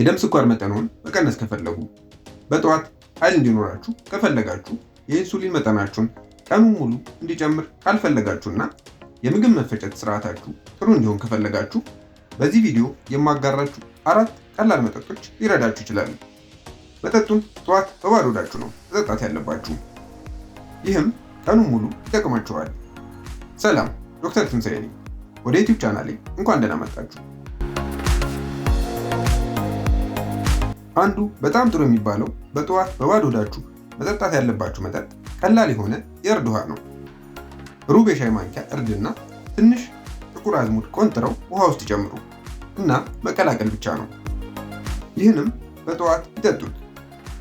የደም ስኳር መጠንዎን መቀነስ ከፈለጉ፣ በጠዋት ኃይል እንዲኖራችሁ ከፈለጋችሁ የኢንሱሊን መጠናችሁን ቀኑን ሙሉ እንዲጨምር ካልፈለጋችሁና የምግብ መፈጨት ስርዓታችሁ ጥሩ እንዲሆን ከፈለጋችሁ በዚህ ቪዲዮ የማጋራችሁ አራት ቀላል መጠጦች ሊረዳችሁ ይችላሉ። መጠጡን ጠዋት በባዶ ሆዳችሁ ነው መጠጣት ያለባችሁ። ይህም ቀኑን ሙሉ ይጠቅማችኋል። ሰላም፣ ዶክተር ትንሳኤ ነኝ። ወደ ዩቲዩብ ቻናሌ እንኳን ደህና መጣችሁ። አንዱ በጣም ጥሩ የሚባለው በጠዋት በባዶ ሆዳችሁ መጠጣት ያለባችሁ መጠጥ ቀላል የሆነ የእርድ ውሃ ነው። ሩብ የሻይ ማንኪያ እርድና ትንሽ ጥቁር አዝሙድ ቆንጥረው ውሃ ውስጥ ይጨምሩ እና መቀላቀል ብቻ ነው። ይህንም በጠዋት ይጠጡት።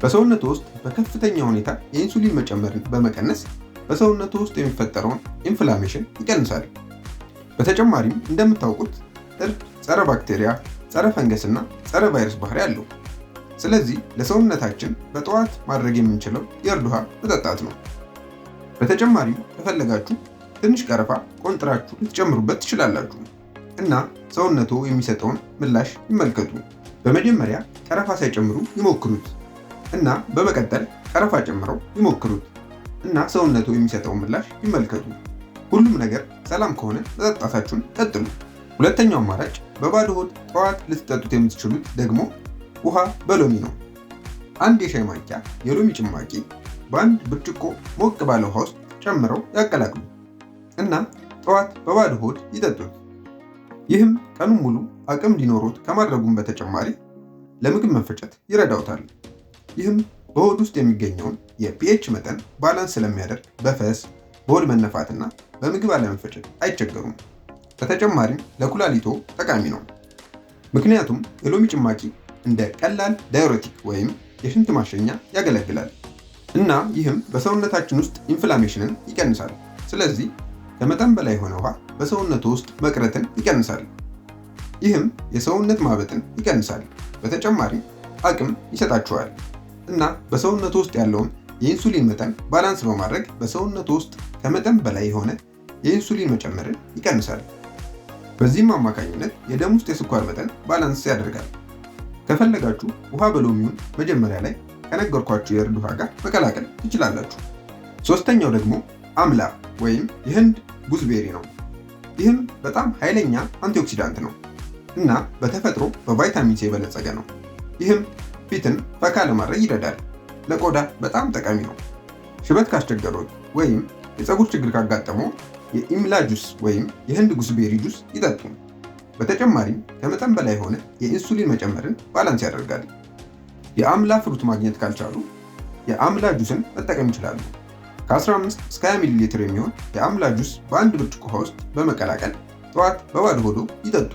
በሰውነቱ ውስጥ በከፍተኛ ሁኔታ የኢንሱሊን መጨመርን በመቀነስ በሰውነቱ ውስጥ የሚፈጠረውን ኢንፍላሜሽን ይቀንሳል። በተጨማሪም እንደምታውቁት እርድ ጸረ ባክቴሪያ፣ ጸረ ፈንገስ እና ጸረ ቫይረስ ባህሪ አለው። ስለዚህ ለሰውነታችን በጠዋት ማድረግ የምንችለው የእርድ ውሃ መጠጣት ነው። በተጨማሪም ከፈለጋችሁ ትንሽ ቀረፋ ቆንጥራችሁ ልትጨምሩበት ትችላላችሁ እና ሰውነቶ የሚሰጠውን ምላሽ ይመልከቱ። በመጀመሪያ ቀረፋ ሳይጨምሩ ይሞክሩት እና በመቀጠል ቀረፋ ጨምረው ይሞክሩት እና ሰውነቶ የሚሰጠውን ምላሽ ይመልከቱ። ሁሉም ነገር ሰላም ከሆነ መጠጣታችሁን ቀጥሉ። ሁለተኛው አማራጭ በባዶ ሆድ ጠዋት ልትጠጡት የምትችሉት ደግሞ ውሃ በሎሚ ነው። አንድ የሻይ ማንኪያ የሎሚ ጭማቂ በአንድ ብርጭቆ ሞቅ ባለ ውሃ ውስጥ ጨምረው ያቀላቅሉ እና ጠዋት በባዶ ሆድ ይጠጡት። ይህም ቀኑን ሙሉ አቅም እንዲኖሩት ከማድረጉም በተጨማሪ ለምግብ መፈጨት ይረዳውታል። ይህም በሆድ ውስጥ የሚገኘውን የፒኤች መጠን ባላንስ ስለሚያደርግ በፈስ በሆድ መነፋትና በምግብ አለመፈጨት አይቸገሩም። በተጨማሪም ለኩላሊቶ ጠቃሚ ነው። ምክንያቱም የሎሚ ጭማቂ እንደ ቀላል ዳይሮቲክ ወይም የሽንት ማሸኛ ያገለግላል እና ይህም በሰውነታችን ውስጥ ኢንፍላሜሽንን ይቀንሳል። ስለዚህ ከመጠን በላይ የሆነ ውሃ በሰውነቱ ውስጥ መቅረትን ይቀንሳል። ይህም የሰውነት ማበጥን ይቀንሳል። በተጨማሪ አቅም ይሰጣችኋል እና በሰውነቱ ውስጥ ያለውን የኢንሱሊን መጠን ባላንስ በማድረግ በሰውነቱ ውስጥ ከመጠን በላይ የሆነ የኢንሱሊን መጨመርን ይቀንሳል። በዚህም አማካኝነት የደም ውስጥ የስኳር መጠን ባላንስ ያደርጋል። ከፈለጋችሁ ውሃ በሎሚውን መጀመሪያ ላይ ከነገርኳችሁ የእርድ ውሃ ጋር መቀላቀል ትችላላችሁ። ሶስተኛው ደግሞ አምላ ወይም የህንድ ጉዝቤሪ ነው። ይህም በጣም ኃይለኛ አንቲኦክሲዳንት ነው እና በተፈጥሮ በቫይታሚን ሲ የበለጸገ ነው። ይህም ፊትን ፈካ ለማድረግ ይረዳል። ለቆዳ በጣም ጠቃሚ ነው። ሽበት ካስቸገሮት ወይም የፀጉር ችግር ካጋጠመው የኢምላ ጁስ ወይም የህንድ ጉዝቤሪ ጁስ ይጠጡ። በተጨማሪም ከመጠን በላይ የሆነ የኢንሱሊን መጨመርን ባላንስ ያደርጋል። የአምላ ፍሩት ማግኘት ካልቻሉ የአምላ ጁስን መጠቀም ይችላሉ። ከ15 እስከ 20 ሚሊ ሊትር የሚሆን የአምላ ጁስ በአንድ ብርጭቆ ውሃ ውስጥ በመቀላቀል ጠዋት በባዶ ሆዶ ይጠጡ።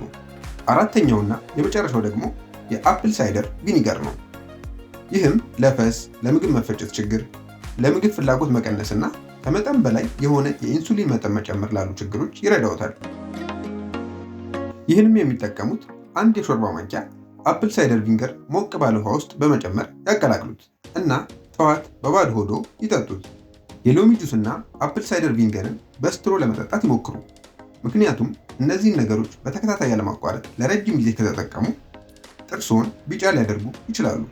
አራተኛውና የመጨረሻው ደግሞ የአፕል ሳይደር ቪኒገር ነው። ይህም ለፈስ፣ ለምግብ መፈጨት ችግር፣ ለምግብ ፍላጎት መቀነስና ከመጠን በላይ የሆነ የኢንሱሊን መጠን መጨመር ላሉ ችግሮች ይረዳውታል። ይህንም የሚጠቀሙት አንድ የሾርባ ማንኪያ አፕል ሳይደር ቪንገር ሞቅ ባለ ውሃ ውስጥ በመጨመር ያቀላቅሉት እና ጠዋት በባዶ ሆዶ ይጠጡት። የሎሚ ጁስና አፕል ሳይደር ቪንገርን በስትሮ ለመጠጣት ይሞክሩ። ምክንያቱም እነዚህን ነገሮች በተከታታይ ያለማቋረጥ ለረጅም ጊዜ ከተጠቀሙ ጥርሶን ቢጫ ሊያደርጉ ይችላሉ።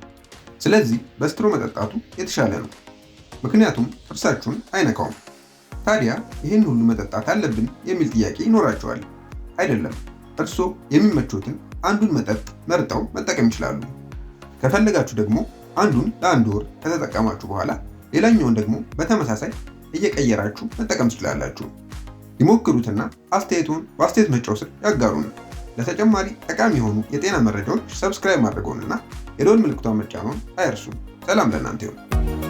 ስለዚህ በስትሮ መጠጣቱ የተሻለ ነው፣ ምክንያቱም ጥርሳችሁን አይነካውም። ታዲያ ይህን ሁሉ መጠጣት አለብን የሚል ጥያቄ ይኖራቸዋል። አይደለም። እርስዎ የሚመቾትን አንዱን መጠጥ መርጠው መጠቀም ይችላሉ። ከፈለጋችሁ ደግሞ አንዱን ለአንድ ወር ከተጠቀማችሁ በኋላ ሌላኛውን ደግሞ በተመሳሳይ እየቀየራችሁ መጠቀም ትችላላችሁ። ይሞክሩትና አስተያየቱን በአስተያየት መጫው ስር ያጋሩን። ለተጨማሪ ጠቃሚ የሆኑ የጤና መረጃዎች ሰብስክራይብ ማድረገውንና የደወል ምልክቷን መጫኑን አይርሱ። ሰላም ለእናንተ ይሁን።